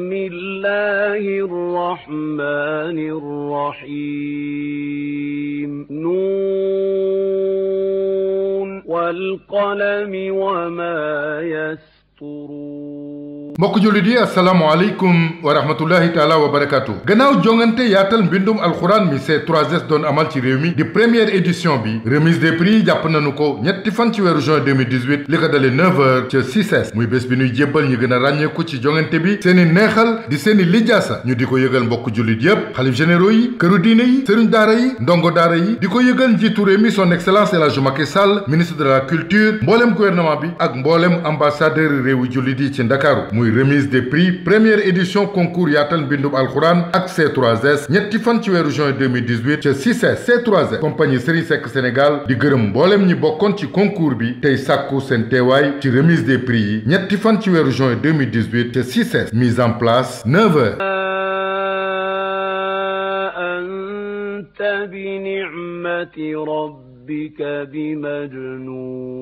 بسم الله الرحمن الرحيم نون والقلم وما يسطرون mbokk jullit yi asalaamaaleykum wa rahmatullahi taala wa barakaatu gannaaw jongante yaatal mbindum alxuraan mi C3S doon amal ci réew mi di première édition bi remise des prix jàpp nañu ko ñetti fan ci weeru juin 2018 li ko dale 9h ca 6S muy bés bi ñuy jébbal ñu gën ràññeeku ci jongante bi seeni neexal di seeni lijaasa ñu di ko yëgal mbokk jullit yépp xalif généraux yi këru diine yi sëriñ daara yi ndongo daara yi di ko yëgal njiitu réew mi son excellence El Hadj Macky Sall ministre de la ak mboolem ambassadeur réewu jullit yi ci Ndakaaru muy remise des prix première édition concours yaatal mbindum alxuraan ak c 3 c 3 compagnie Serigne Sénégal di gërëm mboolem ñi bokkoon ci concours bi tey sàkku seen teewaay ci remise des prix yi ñetti fan ci weeru juin ca mise en place heures.